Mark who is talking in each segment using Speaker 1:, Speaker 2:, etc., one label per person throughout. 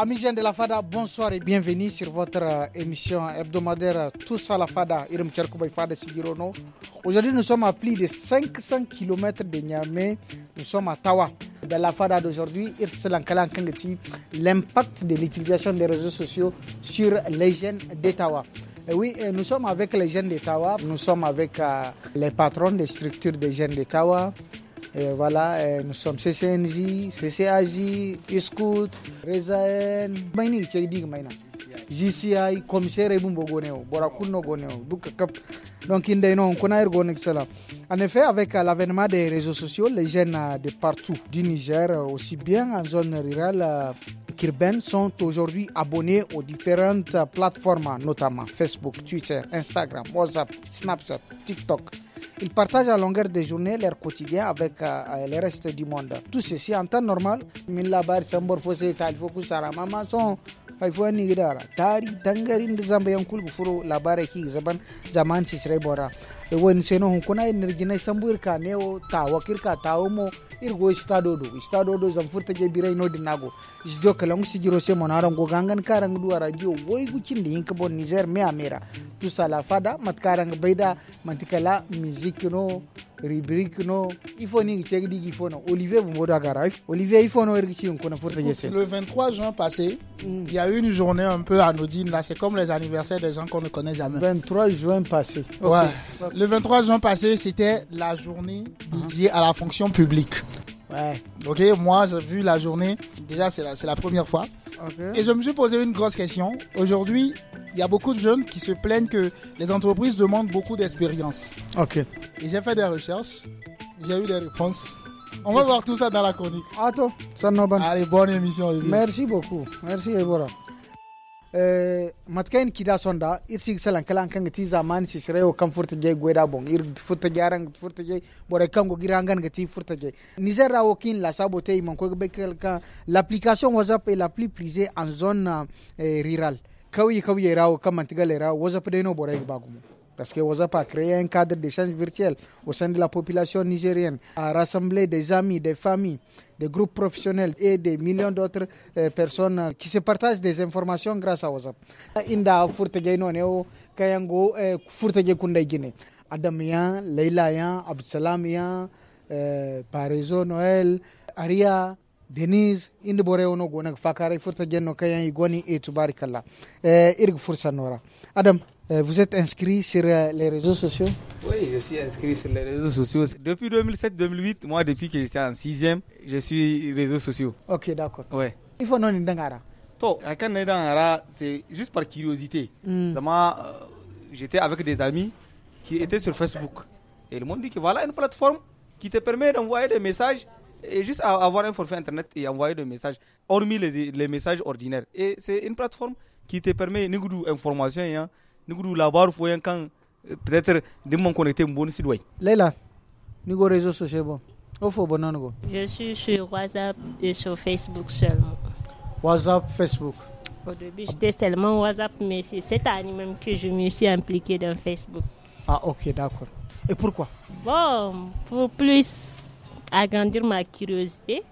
Speaker 1: Amis
Speaker 2: de la Fada, bonsoir et bienvenue sur votre euh, émission hebdomadaire Tous à la Fada, Fada Aujourd'hui, nous sommes à plus de 500 km de Niamey. Nous sommes à Tawa. Dans la Fada d'aujourd'hui, l'impact de l'utilisation des réseaux sociaux sur les jeunes d'Etawa. Oui, nous sommes avec les jeunes de Tawa, nous sommes avec euh, les patrons des structures des jeunes Tawa, voilà, nous sommes CCNJ, CCAJ, ISCOUT, REZAEN, Maini, Maina. GCI, commissaire et Bumbo Goneo, Borakuno Goneo, Bukakap. Donc, il y a un cela. En effet, avec l'avènement des réseaux sociaux, les jeunes de partout du Niger, aussi bien en zone rurale euh, qu'urbaine, sont aujourd'hui abonnés aux différentes plateformes, notamment Facebook, Twitter, Instagram, WhatsApp, Snapchat, TikTok. Ils partagent à longueur de journée leur quotidien avec euh, le reste du monde. Tout ceci en temps normal. Millabar, Sambor, Fosse, Talfoku, Saramama sont haifuwa ni gidara. Tari, tangarin da zamba yankul gufuro labarai ki zaban zaman sisrai bora woni seno hon kona energinay sambu irka neo tawa kirka tawa mo irgo istado do istado do zam furta je birai no dinago isdo kalang sijiro se monaram go gangan karang du aradio woy guchindi yinka bon niger me amera tu sala fada mat karang baida mantikala musique no rubrique no ifo ni chek digi
Speaker 3: fono olivier bomodo garaf olivier ifo no irgi cin kona furta je se le 23 juin passé mm. il y a eu une journée un peu anodine là c'est comme les anniversaires des gens qu'on ne connaît jamais 23 juin passé ouais le 23 juin passé, c'était la journée dédiée à la fonction publique. Ouais. Ok, moi j'ai vu la journée, déjà c'est la, première fois. Et je me suis posé une grosse question. Aujourd'hui, il y a beaucoup de jeunes qui se plaignent que les entreprises demandent beaucoup d'expérience. Ok. Et j'ai fait des recherches, j'ai eu des réponses. On va voir tout ça dans la chronique. Attends, ça Allez, bonne émission. Merci beaucoup. Merci
Speaker 2: Ebora. Eh, matkain kida sonda ir sig salan kala an ti zaman si sirayo kan furta jay goida bon ir furta jaran furta je bore kango gira ngan ga ti furta rawo kin la sabote man ko be kan l'application whatsapp est la plus prisée en zone eh, rurale kawi kawi rawo kan mantigale rawo whatsapp de no bore ba parce que WhatsApp a créé un cadre d'échange virtuel au sein de la population nigérienne, à rassembler des amis, des familles, des groupes professionnels et des millions d'autres euh, personnes qui se partagent des informations grâce à WhatsApp. Inda kayango euh, Adam yan, Leila yan, Abdsalam euh, Noël, Aria denise inde Ono, gonag fakare furta jenno kayan et Toubarikala. Eh, adam eh, vous êtes inscrit sur euh, les réseaux sociaux
Speaker 4: Oui, je suis inscrit sur les réseaux sociaux. Depuis 2007-2008, moi, depuis que j'étais en 6e, je suis réseaux sociaux. Ok, d'accord. Il faut non ndangara. To, Ndangara, c'est juste par curiosité. Hmm. Euh, j'étais avec des amis qui étaient sur Facebook. Et le monde dit que voilà une plateforme qui te permet d'envoyer des messages et juste avoir un forfait internet et envoyer des messages, hormis les, les messages ordinaires. Et c'est une plateforme qui te permet nous information hein, nous labar faut quand euh, peut-être de mon connecter bon site.
Speaker 2: Leila, réseaux sociaux bon. Au
Speaker 5: Je suis sur WhatsApp et sur Facebook seulement.
Speaker 2: WhatsApp, Facebook.
Speaker 5: Au début, j'étais seulement WhatsApp, mais c'est cette année même que je me suis impliquée dans Facebook.
Speaker 2: Ah ok, d'accord. Et pourquoi
Speaker 5: Bon, pour plus agrandir ma curiosité.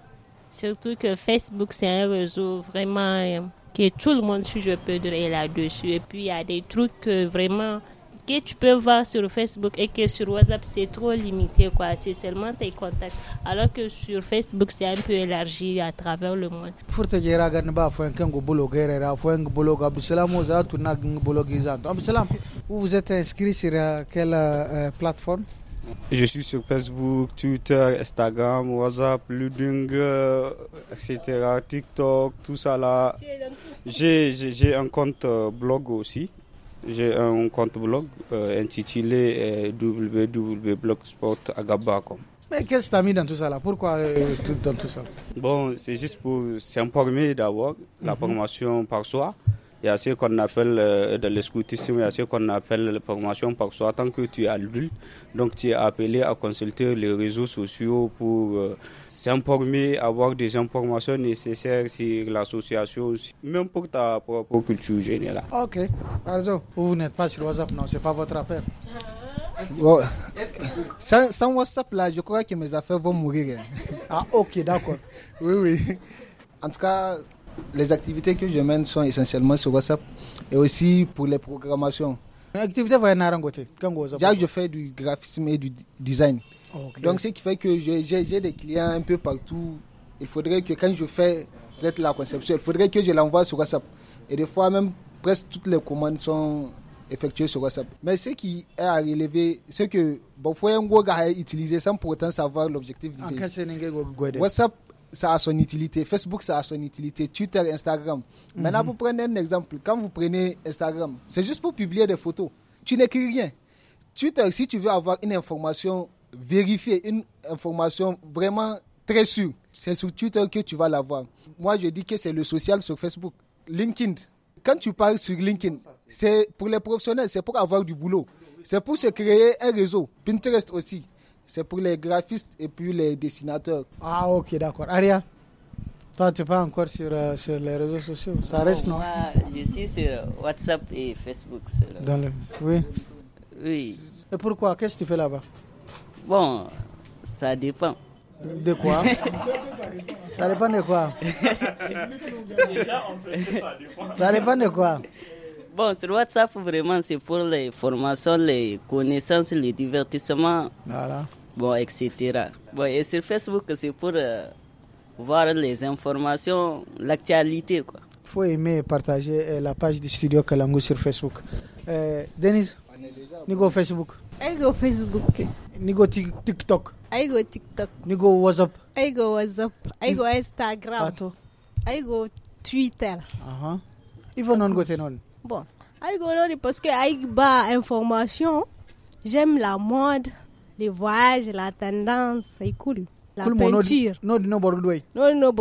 Speaker 5: Surtout que Facebook, c'est un réseau vraiment euh, que tout le monde, si je peux dire, là-dessus. Et puis, il y a des trucs vraiment que tu peux voir sur Facebook et que sur WhatsApp, c'est trop limité, quoi. C'est seulement tes contacts. Alors que sur Facebook, c'est un peu élargi à travers le monde.
Speaker 2: vous êtes inscrit sur euh, quelle euh, plateforme
Speaker 6: je suis sur Facebook, Twitter, Instagram, WhatsApp, Ludung, etc., euh, TikTok, tout ça là. J'ai un compte euh, blog aussi. J'ai un compte blog euh, intitulé euh, www.blogsportagaba.com.
Speaker 2: Mais qu'est-ce que tu as mis dans tout ça là Pourquoi tout, dans tout ça
Speaker 6: Bon, c'est juste pour s'informer d'abord, la mhm. formation par soi il y a ce qu'on appelle euh, de l'escoutisme, il y a ce qu'on appelle la formation par soi. Tant que tu es adulte, donc tu es appelé à consulter les réseaux sociaux pour euh, s'informer, avoir des informations nécessaires sur l'association, même pour ta propre culture générale.
Speaker 2: Ok. vous n'êtes pas sur WhatsApp, non, c'est pas votre affaire.
Speaker 7: Ah. Oh. sans, sans, WhatsApp, là, je crois que mes affaires vont mourir. Hein. ah, ok, d'accord. Oui, oui. En tout cas, les activités que je mène sont essentiellement sur WhatsApp et aussi pour les programmations. Activité Déjà, je fais du graphisme et du design. Oh, Donc, ce qui fait que j'ai des clients un peu partout. Il faudrait que quand je fais peut-être la conception, il faudrait que je l'envoie sur WhatsApp. Et des fois, même presque toutes les commandes sont effectuées sur WhatsApp. Mais ce qui est à relever, c'est que bon, faut un gars utiliser sans pour autant savoir l'objectif. Ah, WhatsApp ça a son utilité. Facebook, ça a son utilité. Twitter, Instagram. Maintenant, vous mhm. prenez un exemple. Quand vous prenez Instagram, c'est juste pour publier des photos. Tu n'écris rien. Twitter, si tu veux avoir une information vérifiée, une information vraiment très sûre, c'est sur Twitter que tu vas l'avoir. Moi, je dis que c'est le social sur Facebook. LinkedIn. Quand tu parles sur LinkedIn, c'est pour les professionnels, c'est pour avoir du boulot. C'est pour se créer un réseau. Pinterest aussi. C'est pour les graphistes et puis les dessinateurs.
Speaker 2: Ah ok, d'accord. Aria toi, tu n'es pas encore sur, euh, sur, les réseaux sociaux Ça reste, non,
Speaker 5: je suis sur WhatsApp et Facebook. Dans le... Oui Oui.
Speaker 2: Et pourquoi Qu'est-ce que tu fais là-bas
Speaker 5: Bon, ça dépend. De quoi Ça dépend
Speaker 2: de quoi Ça dépend de quoi
Speaker 5: Bon, sur WhatsApp, vraiment, c'est pour les formations, les connaissances, les divertissements. Voilà. Bon, etc. Bon, et sur Facebook, c'est pour euh, voir les informations, l'actualité, quoi. Il faut aimer
Speaker 2: partager euh, la page du studio Kalangu sur Facebook. Euh, Denise, Nigo
Speaker 1: Facebook. Aigo Facebook. Nigo TikTok. Aigo TikTok. Nigo WhatsApp. Aigo WhatsApp. Aigo Instagram. Aigo Twitter. Aha. Ivo
Speaker 2: non gote non.
Speaker 1: Bon, parce que avec information, j'aime la mode, les voyages, la tendance, c'est cool. La cool peinture. Non, non, Non, non,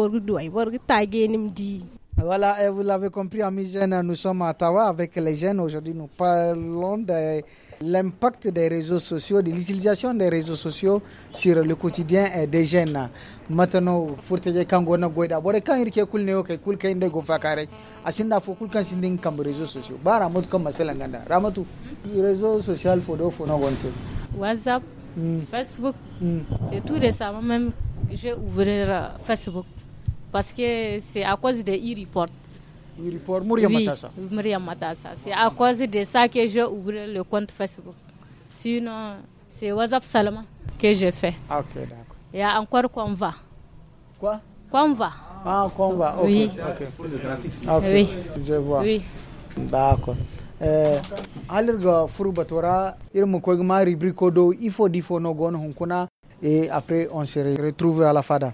Speaker 1: voilà, et vous l'avez
Speaker 2: compris, amis jeunes, nous sommes à Ottawa avec les jeunes. Aujourd'hui, nous parlons de l'impact des réseaux sociaux, de l'utilisation des réseaux sociaux sur le quotidien des jeunes. Maintenant, pour te dire quand on a goûté d'abord, quand il y a cool néo, que cool ne n'est pas carré, à ce niveau, cool quand c'est les réseaux sociaux. Bah, ramot comme Marcel Anganda, Les réseaux sociaux, faut d'où faut non
Speaker 8: WhatsApp, hmm. Facebook, hmm. c'est tout récemment même, j'ai ouvert euh, Facebook parce que c'est à cause de e-report. E-report, Muriam oui, Matassa. Matassa. C'est à cause de ça que j'ai ouvert le compte Facebook. Sinon, c'est WhatsApp seulement que je fais. Ah, ok, d'accord. Il y a encore qu'on va. Quoi on va. Ah, on va, Oui. Okay. Ah, okay. Oui.
Speaker 2: Je vois. Oui. D'accord. halir euh, ga batora, irin mu koyi ma rubriko difo no gon hunkuna et après on se retrouve à la fada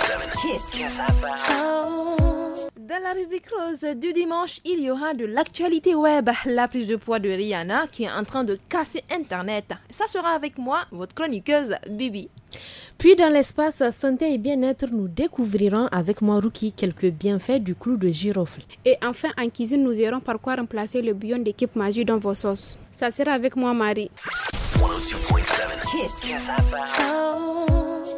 Speaker 9: Oh. Dans la rubrique rose du dimanche, il y aura de l'actualité web, la prise de poids de Rihanna qui est en train de casser Internet. Ça sera avec moi, votre chroniqueuse Bibi.
Speaker 8: Puis dans l'espace santé et bien-être, nous découvrirons avec moi Rookie quelques bienfaits du clou de girofle. Et enfin, en cuisine, nous verrons par quoi remplacer le bouillon d'équipe magie dans vos sauces. Ça sera avec moi Marie.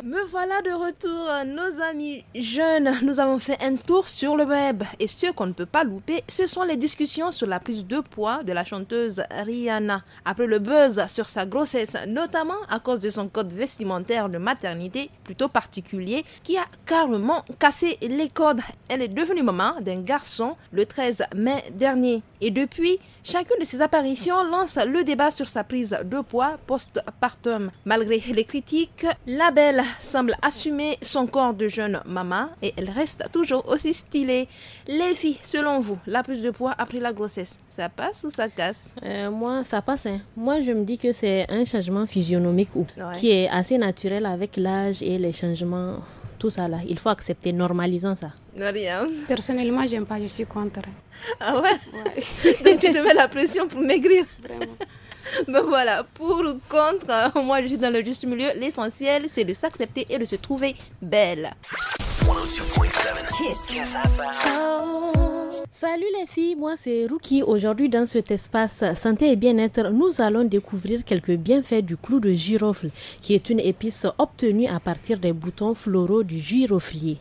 Speaker 9: Me voilà de retour, nos amis jeunes. Nous avons fait un tour sur le web et ce qu'on ne peut pas louper, ce sont les discussions sur la prise de poids de la chanteuse Rihanna. Après le buzz sur sa grossesse, notamment à cause de son code vestimentaire de maternité plutôt particulier qui a carrément cassé les codes. Elle est devenue maman d'un garçon le 13 mai dernier. Et depuis, chacune de ses apparitions lance le débat sur sa prise de poids post-partum. Malgré les critiques, la belle semble assumer son corps de jeune maman et elle reste toujours aussi stylée. Les filles, selon vous, la plus de poids après la grossesse, ça passe ou ça casse euh, Moi, ça passe. Hein. Moi, je me dis
Speaker 8: que c'est un changement physionomique ou, qui est assez naturel avec l'âge et les changements tout ça là. Il faut accepter, normalisons ça.
Speaker 9: Rien. Personnellement, j'aime pas, je suis contre. Ah ouais, ouais. Donc tu te mets la pression pour maigrir. Vraiment. Mais ben voilà, pour ou contre, euh, moi je suis dans le juste milieu. L'essentiel, c'est de s'accepter et de se trouver belle. Salut les filles, moi c'est Ruki, Aujourd'hui
Speaker 8: dans cet espace santé et bien-être, nous allons découvrir quelques bienfaits du clou de girofle, qui est une épice obtenue à partir des boutons floraux du giroflier.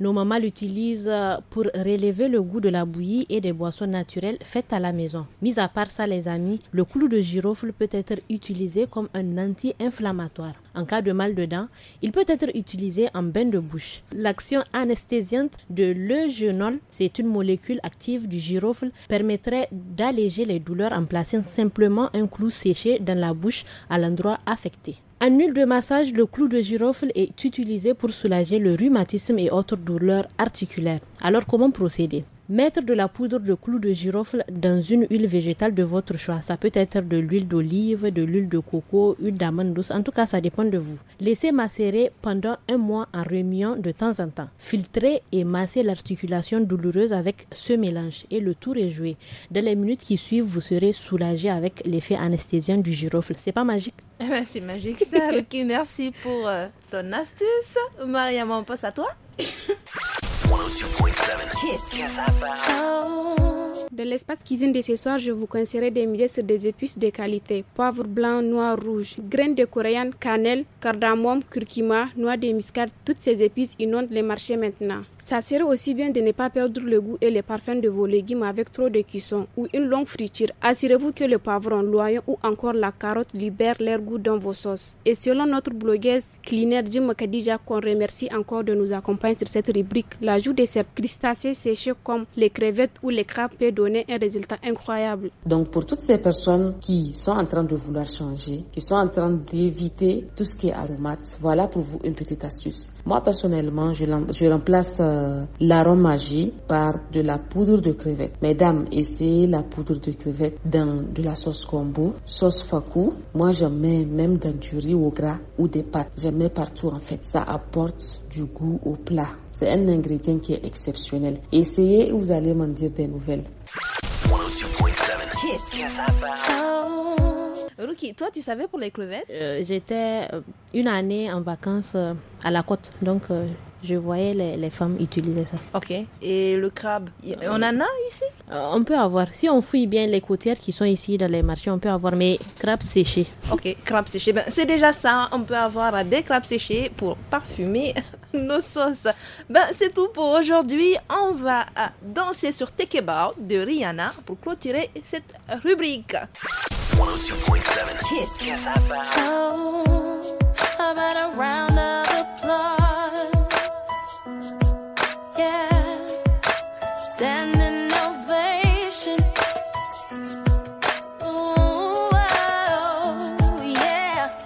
Speaker 8: Nos mamans l'utilisent euh, pour relever le goût de la bouillie et des boissons naturelles faites à la maison. Mis à part ça, les amis, le clou de girofle peut être utilisé comme un anti-inflammatoire en cas de mal de dents, il peut être utilisé en bain de bouche. L'action anesthésiante de l'eugénol, c'est une molécule active du girofle, permettrait d'alléger les douleurs en plaçant simplement un clou séché dans la bouche à l'endroit affecté. En huile de massage, le clou de girofle est utilisé pour soulager le rhumatisme et autres douleurs articulaires. Alors comment procéder Mettre de la poudre de clou de girofle dans une huile végétale de votre choix. Ça peut être de l'huile d'olive, de l'huile de coco, huile d'amande douce. En tout cas, ça dépend de vous. Laissez macérer pendant un mois en remuant de temps en temps. Filtrez et massez l'articulation douloureuse avec ce mélange et le tour est joué. Dans les minutes qui suivent, vous serez soulagé avec l'effet anesthésiant du girofle. C'est pas magique
Speaker 9: eh ben, c'est magique ça. ok, merci pour euh, ton astuce. Maria, on passe à toi. De l'espace cuisine de ce
Speaker 8: soir, je vous conseillerai des milliers sur des épices de qualité. Poivre blanc, noir, rouge, graines de coriandre, cannelle, cardamome, curcuma, noix de muscade. Toutes ces épices inondent les marchés maintenant. Ça serait aussi bien de ne pas perdre le goût et les parfums de vos légumes avec trop de cuisson ou une longue friture. Assurez-vous que le poivron, l'oignon ou encore la carotte libèrent leur goût dans vos sauces. Et selon notre blogueuse culinaire Jim Kadija, qu'on remercie encore de nous accompagner sur cette rubrique, l'ajout de ces crustacés séchés comme les crevettes ou les crabes peut donner un résultat incroyable. Donc pour toutes ces personnes qui sont en train de vouloir changer, qui sont en train d'éviter tout ce qui est aromates, voilà pour vous une petite astuce. Moi personnellement, je remplace euh, euh, l'arôme magique par de la poudre de crevette. Mesdames, essayez la poudre de crevette dans de la sauce combo, sauce fakou. Moi, je mets même dans du riz au gras ou des pâtes. Je mets partout en fait. Ça apporte du goût au plat. C'est un ingrédient qui est exceptionnel. Essayez et vous allez m'en dire des nouvelles.
Speaker 9: Euh, Ruki, toi, tu savais pour les crevettes euh,
Speaker 8: J'étais une année en vacances à la côte, donc je voyais les, les, femmes
Speaker 9: utiliser ça. Ok. Et le crabe, on en a ici
Speaker 8: euh, On peut avoir. Si on fouille bien les côtières qui sont ici dans les marchés,
Speaker 9: on peut avoir. mes crabes séché. Ok, crabe séché. Ben, c'est déjà ça. Hein. On peut avoir des crabes séchés pour parfumer nos sauces. Ben, c'est tout pour aujourd'hui. On va euh, danser sur Tekeba de Rihanna pour clôturer cette rubrique.
Speaker 8: yeah. Standing ovation.
Speaker 9: Ooh, oh, yeah.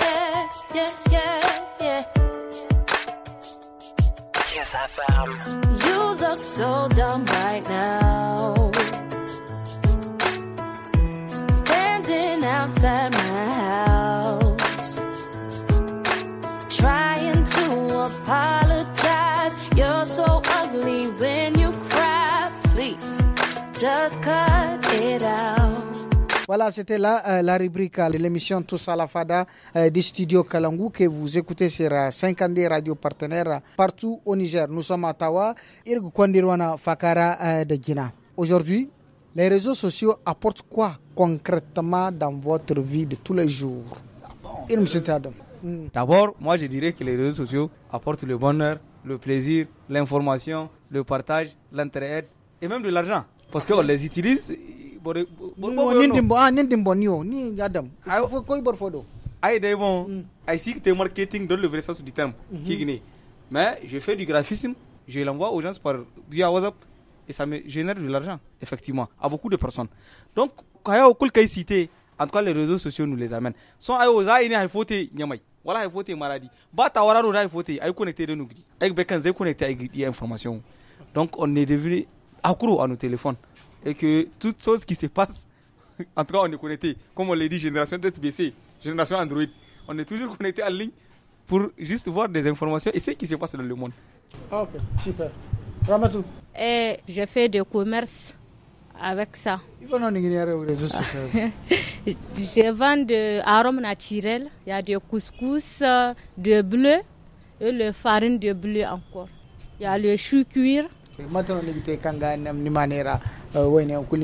Speaker 9: Yeah, yeah, yeah, yeah. Yes,
Speaker 8: I found. You look so dumb right now. Standing outside my house. Trying to apologize.
Speaker 2: Voilà, c'était là euh, la rubrique euh, de l'émission Tous à la Fada euh, du studio Kalangu que vous écoutez sur euh, 50 radios partenaires partout au Niger. Nous sommes à Tawa, Irgukwandirwana Fakara de Gina. Aujourd'hui, les réseaux sociaux apportent quoi concrètement dans votre vie de tous les jours hmm.
Speaker 4: D'abord, moi je dirais que les réseaux sociaux apportent le bonheur, le plaisir, l'information, le partage, l'intérêt et même de l'argent parce qu'on les utilise bore bor nindim bo
Speaker 2: ah nindim bo niyo ni gadam
Speaker 4: fo koy bor fodo ay ah, day bon mm. ay ah, si te marketing dans le vrai sens du terme kigni mm-hmm. mais je fais du graphisme je l'envoie aux gens par via WhatsApp et ça me génère de l'argent effectivement à beaucoup de personnes donc kaya okul kay cité en tout cas les réseaux sociaux nous les amènent sont ay oza ini ay fote nyamai wala ay fote maradi ba tawara wararo ay fote ay connecté de nous ay bekan zai connecté ay information donc on est devenu accro à nos téléphones et que toute chose qui se passe, en tout cas, on est connecté. Comme on l'a dit, génération TBC, génération Android, on est toujours connecté en ligne pour juste voir des informations et ce qui se passe dans le monde.
Speaker 6: Ah,
Speaker 2: ok,
Speaker 8: super. Ramatou Et eh, je fais du commerce avec ça. je vends de arômes naturels, il y a du couscous, euh, de bleu et le farine de bleu encore.
Speaker 2: Il y a le chou cuir. Eh, eh,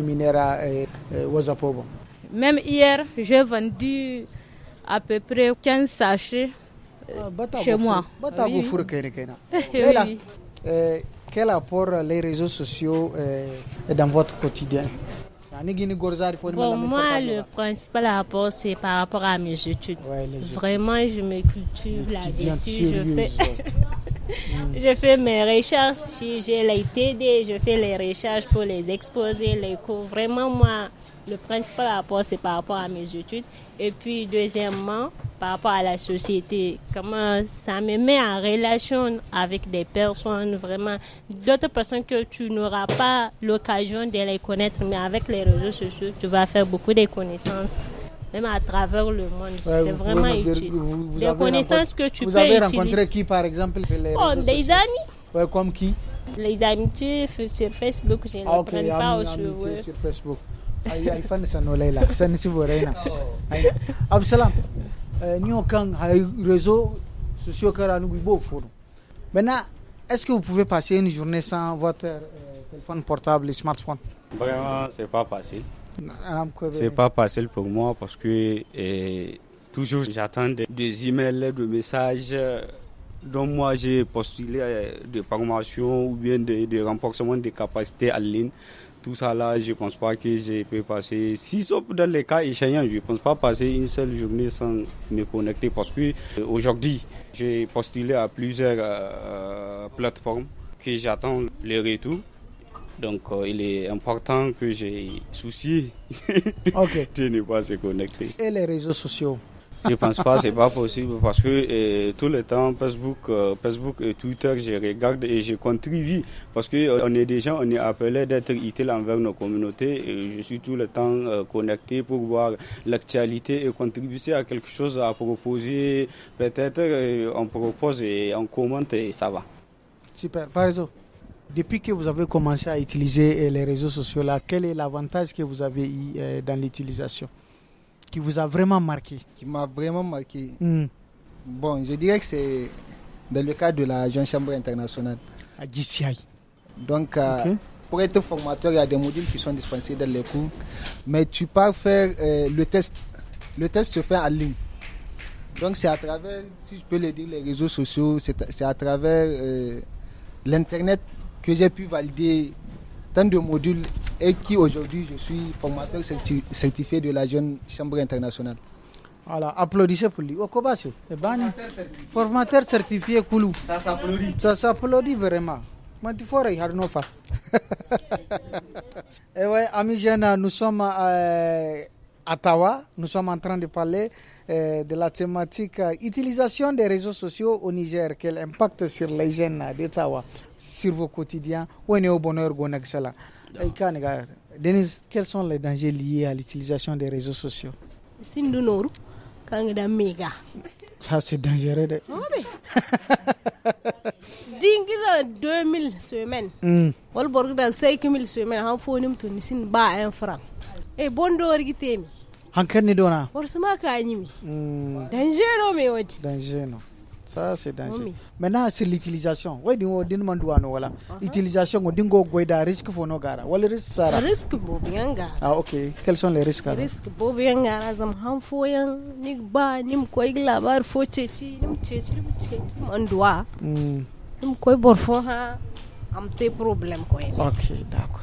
Speaker 2: eh,
Speaker 8: même hier j'ai vendu à peu près 15 sachets chez moi
Speaker 2: quel apport les réseaux sociaux dans votre quotidien
Speaker 5: pour ah, moi, le principal rapport, c'est par rapport à mes études. Vraiment, je me cultive là-dessus. Je fais... je mes recherches. J'ai les TD, je fais les recherches pour les exposer, les cours. Vraiment, moi, le principal rapport, c'est par rapport à mes études. Et puis, deuxièmement, par rapport à la société, comment ça me met en relation avec des personnes, vraiment, d'autres personnes que tu n'auras pas l'occasion de les connaître, mais avec les réseaux sociaux, tu vas faire beaucoup de connaissances même à travers le monde. c'est vraiment utile. des connaissances que tu peux utiliser. Vous avez rencontré qui, par exemple les oh, Des amis. comme qui Les amitiés sur Facebook, je ne ah, prends pas au sérieux.
Speaker 2: sur Facebook. Absalam, euh, nous avons un réseau social Maintenant, est-ce que vous pouvez passer une journée sans votre euh, téléphone portable et smartphone
Speaker 6: Vraiment, ce n'est pas facile.
Speaker 2: Ah, c'est pas
Speaker 6: facile pour moi parce que toujours j'attends des emails, des messages. Euh, Donc moi j'ai postulé des formations ou bien des, des renforcements des capacités en ligne tout ça là, je pense pas que je peux passer, si dans les cas échéants, je ne pense pas passer une seule journée sans me connecter parce que euh, aujourd'hui, j'ai postulé à plusieurs euh, plateformes que j'attends les retour. Donc euh, il est important que j'ai souci de ne pas se connecter.
Speaker 2: Et les réseaux sociaux je pense pas, c'est
Speaker 6: pas possible parce que euh, tout le temps Facebook, euh, Facebook et Twitter, je regarde et je contribue parce que euh, on est déjà, on est appelé d'être utile envers nos communautés. Et je suis tout le temps connecté pour voir l'actualité et contribuer à quelque chose à proposer. Peut-être on propose et on commente et ça va.
Speaker 7: Super,
Speaker 2: par exemple. Depuis que vous avez commencé à utiliser les réseaux sociaux là, quel est l'avantage que vous avez eu dans l'utilisation vous a
Speaker 7: vraiment marqué Qui m'a vraiment marqué. Hmm. Bon, je dirais que c'est dans le cas de la Jeune Chambre internationale. À DCI. Donc, euh, pour être formateur, il y a des modules qui sont dispensés dans les cours. Mais tu pars faire euh, le test. Le test se fait en ligne. Donc, c'est à travers, si je peux le dire, les réseaux sociaux, c'est à, travers euh, l'Internet que j'ai pu valider tant de modules et qui aujourd'hui je suis formateur certifié de la jeune chambre internationale. Voilà, applaudissez pour lui. Okobase, oh, Ebani, formateur certifié Koulou. Ça s'applaudit. Ça s'applaudit vraiment.
Speaker 2: Et eh ouais, amis jeunes, nous sommes euh, à Ottawa, nous sommes en train de parler euh, de la thématique euh, utilisation des réseaux sociaux au Niger, quel impact sur les jeunes d'Etawa, sur vos quotidiens, où est au bonheur, bon excellent. Denise, quels sont les dangers liés à l'utilisation des réseaux sociaux ça c'est dangereux de.
Speaker 1: dingira 2000 semaine wal borgo dan 5000 semaine han fonim to nisin ba en franc e eh, bondo orgi temi
Speaker 2: hankan ni dona
Speaker 1: ce ma ka animi
Speaker 2: mm. me wadi Dangero. ça c'est danger. maintenant c'est l'utilisation way din wodin man duwano wala utilisation go dingo goyda risque fo no gara wala risque sara risque bo ah ok quels sont les risques alors risque
Speaker 1: bo bianga zam han fo ni ba nim koy glabar fo ceci nim ceci nim ceci man duwa hmm. nim koy ha am te problème koy ok d'accord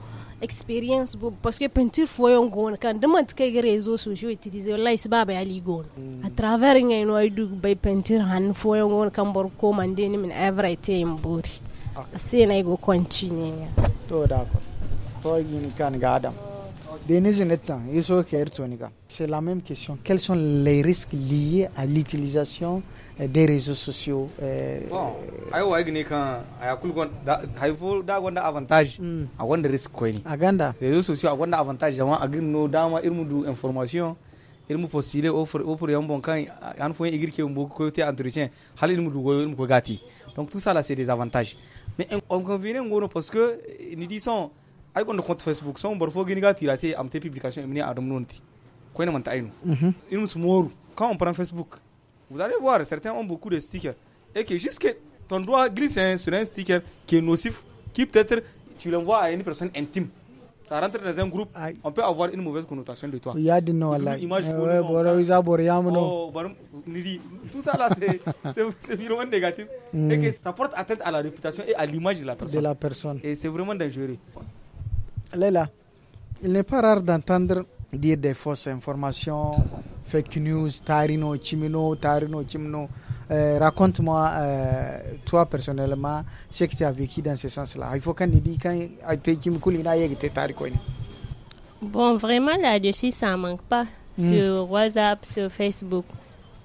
Speaker 1: experience parce que peinture foyon gon kan de mat kay réseaux sociaux utiliser wallahi sba ba ali gon hmm. à travers ngay noy du bay peinture han foyon gon kan bor ko mande ni min every time buri sai na go continue to da ko to yin kan ga adam
Speaker 2: Denise nika c'est la même question. Quels sont les risques liés à l'utilisation des eh, réseaux sociaux. Eh, bon,
Speaker 4: il y ne quand aya kulgon haifo da mm. a risk Réseaux sociaux ont des avantage Ils a dama ils du information irmu possible offre offre yon bon kan an des ko te Donc tout ça là c'est des avantages. Mais on convient parce que nous disons ont des comptes Facebook son ont des publications publications, pirater am publication Ko mhm. quand on prend Facebook vous allez voir, certains ont beaucoup de stickers. Et que jusque ton doigt glisse sur un sticker qui est nocif, qui peut-être tu l'envoies à une personne intime. Ça rentre dans un groupe, on peut avoir une mauvaise connotation de toi. Tout ça là, c'est vraiment négatif. Hmm. Et que ça porte atteinte à la réputation et à l'image de la personne. De la personne. Et c'est vraiment dangereux.
Speaker 2: Léla, il n'est pas rare d'entendre dire des fausses informations, fake news, Tarino, Chimino, Tarino, Chimino. Euh, raconte-moi, euh, toi personnellement, ce que tu as vécu dans ce sens-là. Il faut qu'on dise quand
Speaker 5: Bon, vraiment là-dessus, ça ne manque pas. Hmm. Sur WhatsApp, sur Facebook,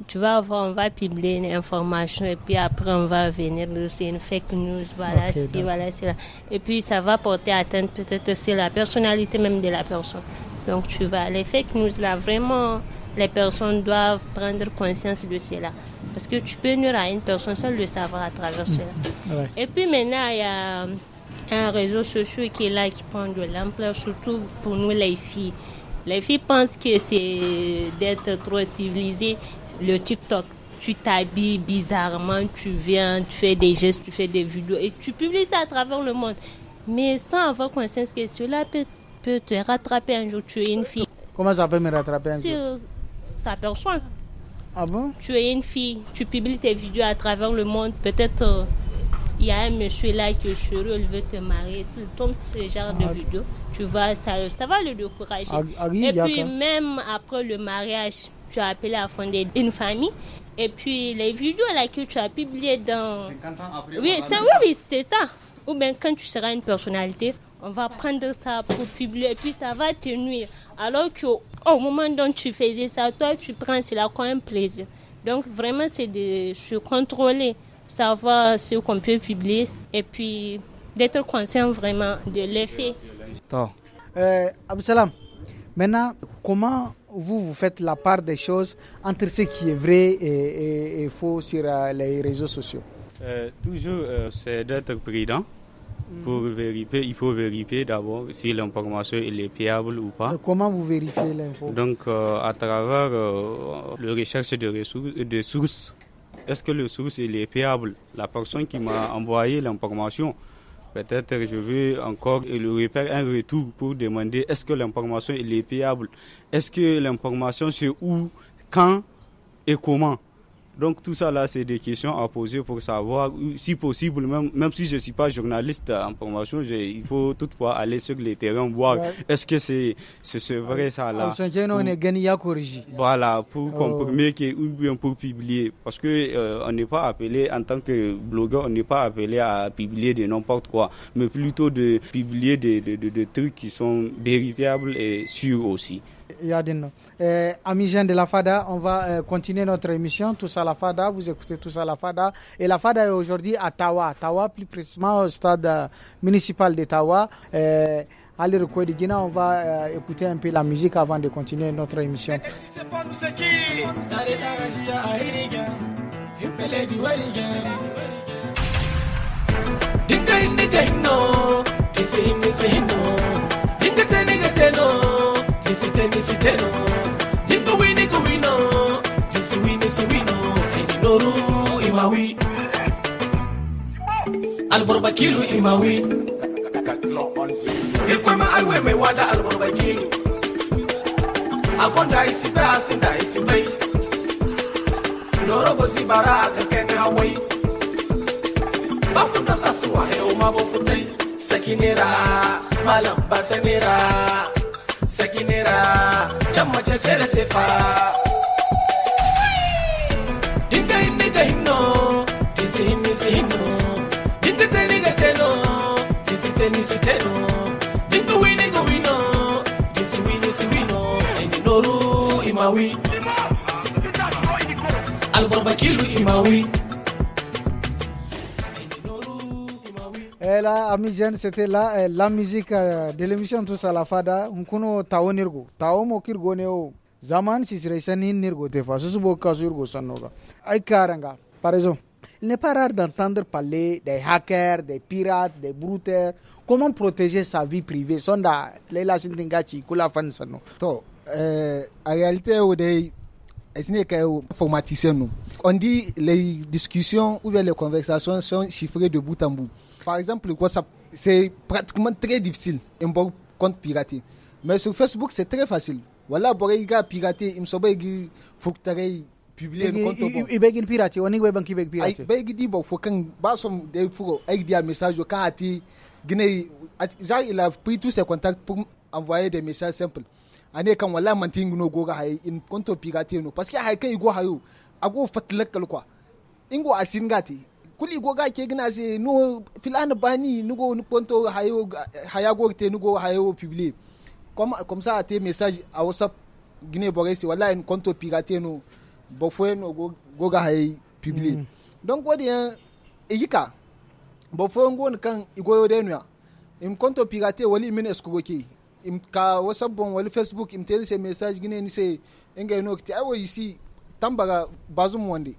Speaker 5: tu vas voir, on va publier une information et puis après on va venir, c'est une fake news, voilà, c'est si, voilà, si, là. Et puis ça va porter atteinte peut-être aussi la personnalité même de la personne. Donc tu vas, les que nous, là, vraiment, les personnes doivent prendre conscience de cela. Parce que tu peux nuire à une personne seule le savoir à travers cela. Mm-hmm. Et puis maintenant, il y a un réseau social qui est là, qui prend de l'ampleur, surtout pour nous les filles. Les filles pensent que c'est d'être trop civilisé, le TikTok. Tu t'habilles bizarrement, tu viens, tu fais des gestes, tu fais des vidéos et tu publies ça à travers le monde. Mais sans avoir conscience que cela peut te rattraper un jour. Tu es une euh, fille. Comment ça peut me rattraper un jour euh, Ça perçoit. Ah bon Tu es une fille, tu publies tes vidéos à travers le monde. Peut-être euh, il y a un monsieur là qui est heureux, il veut te marier. Si tombe ce genre de ah. vidéo, tu vois, ça, ça va le décourager. Ah, ah et puis, même après le mariage, tu as appelé à fonder une famille. Et puis, les vidéos là que tu as publié dans. 50 ans après. Oui, c'est oui, ça. Ou bien quand tu seras une personnalité, on va prendre ça pour publier, et puis ça va te nuire. Alors qu'au au moment dont tu faisais ça, toi, tu prends cela comme un plaisir. Donc vraiment, c'est de se contrôler, savoir ce qu'on peut publier, et puis d'être conscient vraiment de l'effet. Euh, Salam
Speaker 2: maintenant, comment vous, vous faites la part des choses entre ce qui est vrai et, faux sur euh, les réseaux sociaux
Speaker 6: euh, Toujours, euh, c'est d'être prudent pour vérifier, il faut vérifier d'abord si l'information est payable ou pas. Comment vous vérifiez l'info Donc, euh, à travers euh, le la recherche de, ressources, sources. Est-ce que le source est payable La personne qui m'a envoyé l'information, peut-être je vais encore lui faire un retour pour demander est-ce que l'information est payable Est-ce que l'information c'est où, quand et comment donc tout ça là, c'est des questions à poser pour savoir, si possible, même, même si je ne suis pas journaliste en formation, il faut toutefois aller sur les terrains voir est-ce que c'est vrai ça là. voilà, pour oh. comprimer que, ou bien pour publier. Parce que euh, on n'est pas appelé, en tant que blogueur, on n'est pas appelé à publier de n'importe quoi, mais plutôt de publier des trucs qui sont vérifiables et sûrs aussi.
Speaker 2: Eh, Yadino. Eh, amis gens de la FADA, on va eh, continuer notre émission. tous à la FADA, vous écoutez tous à la FADA. Et la FADA est aujourd'hui à Tawa. Tawa, plus précisément au stade euh, municipal de Tawa. Euh, à de Guinée, on va euh, écouter un peu la musique avant de continuer notre émission.
Speaker 4: Jisite nisite no Ningu wini kuwino Jisiwi nisiwino Hini noru imawi Alborbakilu imawi Ikwema aiweme wada alborbakilu Akonda isipe asinda isipe Norogo zibara akakenge hawai Bafunda sasuwa heo mabofutei Sakinera Malam batanera saginera can mace sere sefa dinga hinniga hinno jisi hinni si hinno dinga teniga teno jisi teni si teno dinga winiga wino jisi wini si wino eni noru imawi alborbakilu imawi
Speaker 2: Eh, la ami Jeanne, c'était là eh, la musique eh, de l'émission tout ça la Fada. Nkuno tao nirgo. Tao mo kirgo neo. Zaman si sire sani nirgo tefa. Susubo kasurgo sanoga. Ay karanga. Par exemple, il n'est pas rare d'entendre parler des hackers, des pirates, des brouteurs. Comment protéger sa vie privée Sonda, leila sintingachi, kula fan sano.
Speaker 7: To, en réalité, au day, formatisez no On dit les discussions ou bien les conversations sont chiffrées de bout en bout. Par exemple, le WhatsApp, c'est pratiquement très difficile, un bon compte piraté. Mais sur Facebook, c'est très facile. Voilà, pour les gars piratés, il me semble qu'il faut que tu publier le compte bo i pirater on est be banki beg pirater ay begi di bo fo kan ba som de fugo ay dia message kan ati gine il a pris tous ses contacts pour envoyer des messages simples ane kan wala man no goga hay in konto pirate no parce que hay kan go hayo ago fatlakal quoi ingo asingati kuli goga ke gina se no filane bani nugo ponto hayo go te nugo hayo publie comme comme ça te message a whatsapp gine gaisi wala ni konto pirate no bo fo no goga hay publie mm. donc wodi en eh, igika bo fo ngon kan yo de nuya im konto pirate wali min go ke im ka whatsapp bon wali facebook im tel se message gine ni se engay no kiti awo yisi tambara bazum wonde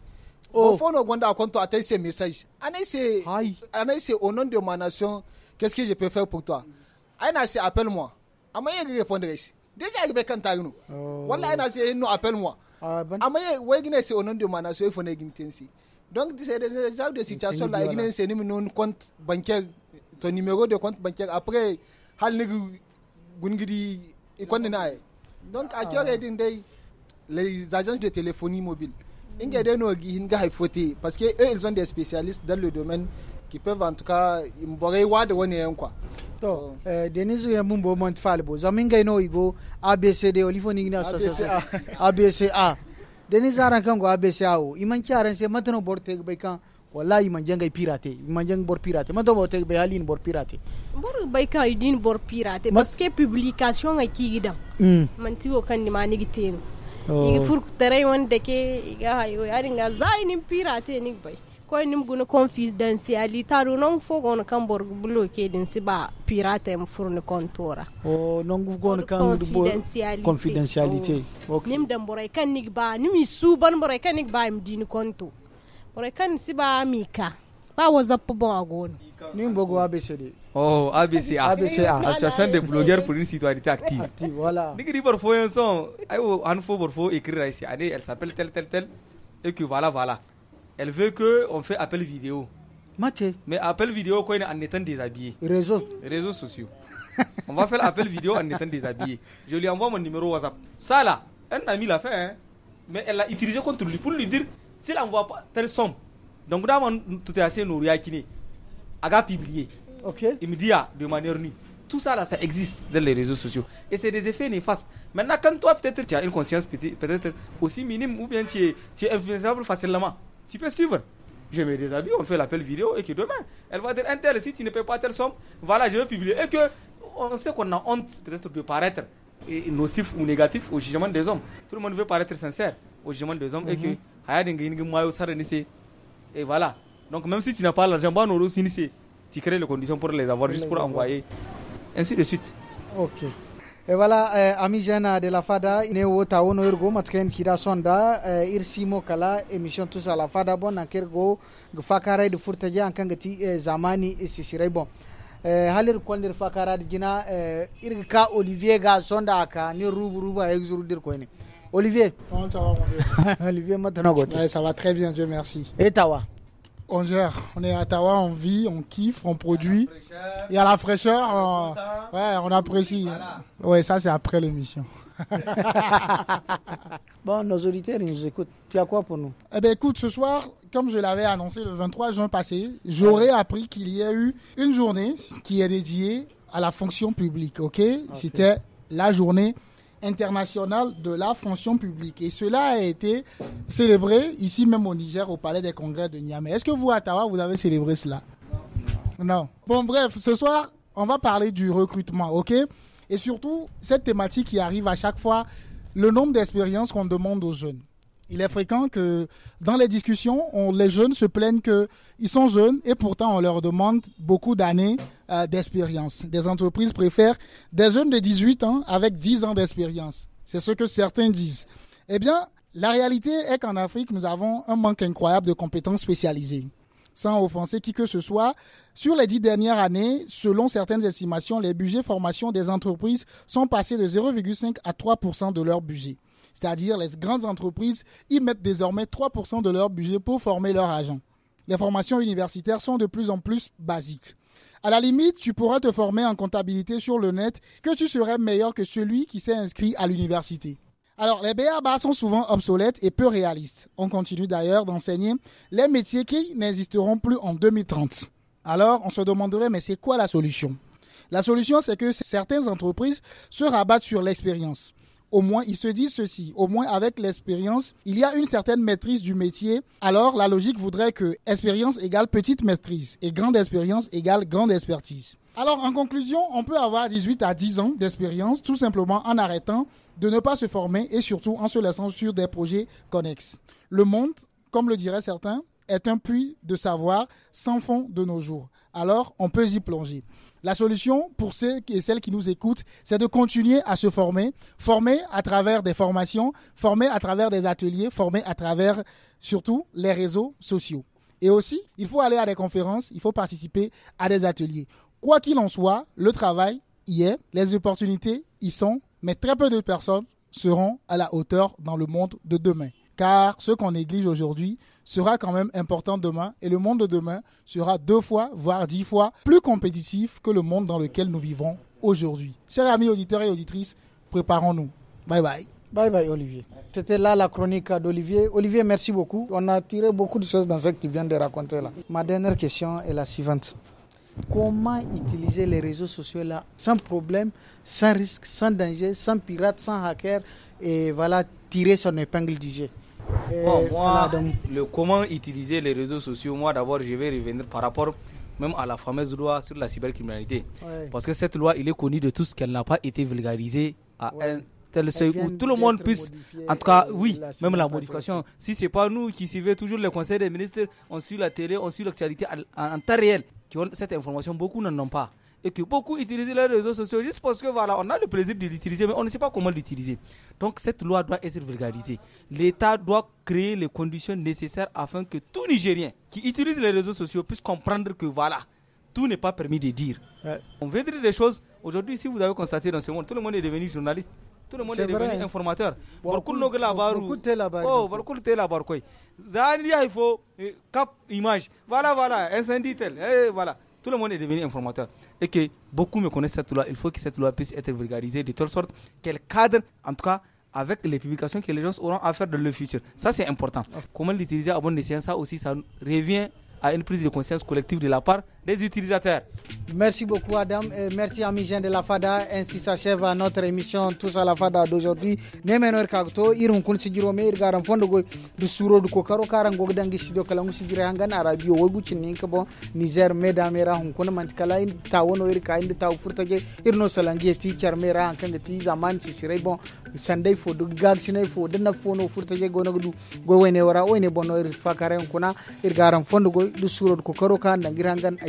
Speaker 7: Oh. fond, faut nous gonda quand tu ces messages. Anay c'est anay c'est au nom de ma nation, qu'est-ce que je peux faire pour toi? Anay c'est appelle-moi. Amaye ah, répondre ici. Déjà il quand tu nous. Oh. Voilà anay c'est nous appelle-moi. Amaye wegine c'est au nom de ma nation, il faut ici. Donc c'est des genre de situation là, il c'est nous compte bancaire ton numéro de compte bancaire après hal ni gungidi compte naye. Donc à quelle ah. heure les agences de téléphonie mobile Inga Deno Gihinga Haifote, parce eux ils ont des spécialistes dans le domaine qui peuvent en tout cas mbore wa da wani yankwa to eh denisu ya mumbo mont falbo zaminga ino igo
Speaker 2: abcd olifoni gina sosa abca denisu aran abc abca o iman charan se matano borte bai kan wallahi man jangay pirate man jang bor pirate man do borte halin
Speaker 1: bor pirate bor bai kan idin bor pirate parce que publication ay gidam hmm. man tiwo kan ni igi oh. furkutarai wanda ke iga hayo yaringa zai nim pirate ni bai ko nim guna confidentialita do non fo gon kan bor bulo ke din si ba pirate am furni kontora
Speaker 2: o oh, non gu gon kan confidentialite
Speaker 1: oh. nim dan borai kan ni ba nim su ban borai kan ni ba im din konto borai kan si ba mika ba WhatsApp bon à gon. Nous bogo ABCD.
Speaker 4: Oh ABCD. ABCD. Association des blogueurs pour une citoyenneté active.
Speaker 1: Active voilà.
Speaker 4: Digri par fo un son. Ay wo an fo borfo écrire ici. elle s'appelle telle telle telle et que voilà voilà. Elle veut que on fait appel vidéo. Mathieu. Mais appel vidéo quoi en étant déshabillé. Réseau. Réseaux sociaux. on va faire appel vidéo en étant déshabillé. Je lui envoie mon numéro WhatsApp. Ça là, un ami l'a fait, hein. mais elle l'a utilisé contre lui pour lui dire s'il n'envoie pas telle somme, donc dans mon tout assez à aga publié. OK. à de manière nue. Tout ça là, ça existe dans les réseaux sociaux. Et c'est des effets néfastes. Maintenant, quand toi, peut-être, tu as une conscience peut-être aussi minime ou bien tu es, tu facilement, tu peux suivre. Je me déshabille, on fait l'appel vidéo et que demain, elle va dire un si tu ne peux pas telle somme, voilà, je vais publier. Et que on sait qu'on a honte peut-être de paraître et nocif ou négatif au jugement des hommes. Tout le monde veut paraître sincère au jugement des hommes et que mhm. Et voilà. Donc même si tu n'as pas l'argent, bon, tu crées les conditions pour les avoir, juste pour envoyer. Ainsi de suite.
Speaker 2: Ok. Et voilà. Euh, ami Jana de la fada ine au wono yergo matken Kira sonda eh, irsimo kala émission tous à la fada bon ankergo gfakara de furtaje ankangati eh, zamani sisirai bon eh, halir kondir fakara de gina Irka euh, irga olivier ga sonda aka ni rubu rubu zuru de Olivier ça va, Olivier, maintenant, Ça va très
Speaker 3: bien, Dieu merci. Et Tawa on gère, on est à Tawa, on vit, on kiffe, on produit. Il y a la fraîcheur, on... Euh, ouais, on apprécie. Voilà. Ouais, ça c'est après l'émission. bon, nos auditeurs, nous écoutent. Tu as quoi pour nous Eh bien, écoute, ce soir, comme je l'avais annoncé le 23 juin passé, j'aurais appris qu'il y a eu une journée qui est dédiée à la fonction publique, ok, C'était la journée international de la fonction publique. Et cela a été célébré ici même au Niger, au Palais des Congrès de Niamey. Est-ce que vous, à Ottawa, vous avez célébré cela Non. Bon, bref, ce soir, on va parler du recrutement, ok Et surtout, cette thématique qui arrive à chaque fois, le nombre d'expériences qu'on demande aux jeunes. Il est fréquent que dans les discussions, on, les jeunes se plaignent qu'ils sont jeunes et pourtant on leur demande beaucoup d'années euh, d'expérience. Des entreprises préfèrent des jeunes de 18 ans avec 10 ans d'expérience. C'est ce que certains disent. Eh bien, la réalité est qu'en Afrique, nous avons un manque incroyable de compétences spécialisées sans offenser qui que ce soit. Sur les dix dernières années, selon certaines estimations, les budgets formation des entreprises sont passés de 0,5 à 3 de leur budget. C'est-à-dire les grandes entreprises y mettent désormais 3 de leur budget pour former leurs agents. Les formations universitaires sont de plus en plus basiques. À la limite, tu pourras te former en comptabilité sur le net que tu serais meilleur que celui qui s'est inscrit à l'université. Alors, les BABA sont souvent obsolètes et peu réalistes. On continue d'ailleurs d'enseigner les métiers qui n'existeront plus en 2030. Alors, on se demanderait, mais c'est quoi la solution La solution, c'est que certaines entreprises se rabattent sur l'expérience au moins ils se disent ceci, au moins avec l'expérience, il y a une certaine maîtrise du métier. Alors la logique voudrait que expérience égale petite maîtrise et grande expérience égale grande expertise. Alors en conclusion, on peut avoir 18 à 10 ans d'expérience tout simplement en arrêtant de ne pas se former et surtout en se laissant sur des projets connexes. Le monde, comme le diraient certains, est un puits de savoir sans fond de nos jours. Alors on peut y plonger. La solution pour ceux et celles qui nous écoutent, c'est de continuer à se former, former à travers des formations, former à travers des ateliers, former à travers surtout les réseaux sociaux. Et aussi, il faut aller à des conférences, il faut participer à des ateliers. Quoi qu'il en soit, le travail y est, les opportunités y sont, mais très peu de personnes seront à la hauteur dans le monde de demain. Car ce qu'on néglige aujourd'hui, sera quand même important demain et le monde de demain sera deux fois, voire dix fois plus compétitif que le monde dans lequel nous vivons aujourd'hui. Chers amis auditeurs et auditrices, préparons-nous. Bye bye. Bye bye Olivier. C'était là la chronique d'Olivier. Olivier, merci beaucoup. On a
Speaker 2: tiré beaucoup de choses dans ce que tu viens de raconter là. Ma dernière question est la suivante. Comment utiliser les réseaux sociaux là sans problème, sans risque, sans danger, sans pirate, sans hacker et voilà, tirer son épingle du jeu moi,
Speaker 4: comment utiliser les réseaux sociaux, moi d'abord, je vais revenir par rapport même à la fameuse loi sur la cybercriminalité. Parce que cette loi, il est connu de tous qu'elle n'a pas été vulgarisée à un tel seuil où tout le monde puisse, en tout cas, oui, même la modification. Si c'est pas nous qui suivons toujours le conseil des ministres, on suit la télé, on suit l'actualité en, temps réel. Qui ont cette information, beaucoup n'en ont pas et que beaucoup utilisent les réseaux sociaux juste parce que voilà, on a le plaisir de l'utiliser, mais on ne sait pas comment l'utiliser. Donc cette loi doit être vulgarisée. L'État doit créer les conditions nécessaires afin que tout Nigérien qui utilise les réseaux sociaux puisse comprendre que voilà, tout n'est pas permis de dire. On veut dire des choses. Aujourd'hui, si vous avez constaté dans ce monde, tout le monde est devenu journaliste.
Speaker 6: tout le monde est, devenu
Speaker 4: informateur barkul no oh barkul il euh, cap image voilà voilà incendie tel eh, voilà tout le monde est devenu informateur. Et que beaucoup me connaissent cette loi. Il faut que cette loi puisse être vulgarisée de telle sorte qu'elle cadre, en tout cas, avec les publications que les gens auront à faire dans le futur. Ça, c'est important. Comment l'utiliser à bon escient, ça aussi, ça revient à une prise de conscience collective de la part des utilisateurs.
Speaker 2: Merci beaucoup Adam et merci à Jean de la Fada. Ainsi s'achève notre émission Tous à la Fada d'aujourd'hui. Némenor Kagto, Irun Kun Sigiro Meir Fondogo, du Suro du Kokaro Karangog Dangi Sido Kalangu Sigirangan, Arabio, Wobuchi Ninkabo, Nizer, Medamera, Hunkuna in tawo Erika, Inde Tau Furtage, Irno Salangi, Teacher Mera, Kangati, Zaman Sisirebo, Sunday for the Gagsine for Dena Fono Furtage Gonogu, Gowenora, Oine Bono Fakare Hunkuna, Irgaram Fondogo, du Suro du Kokaro Kandangirangan,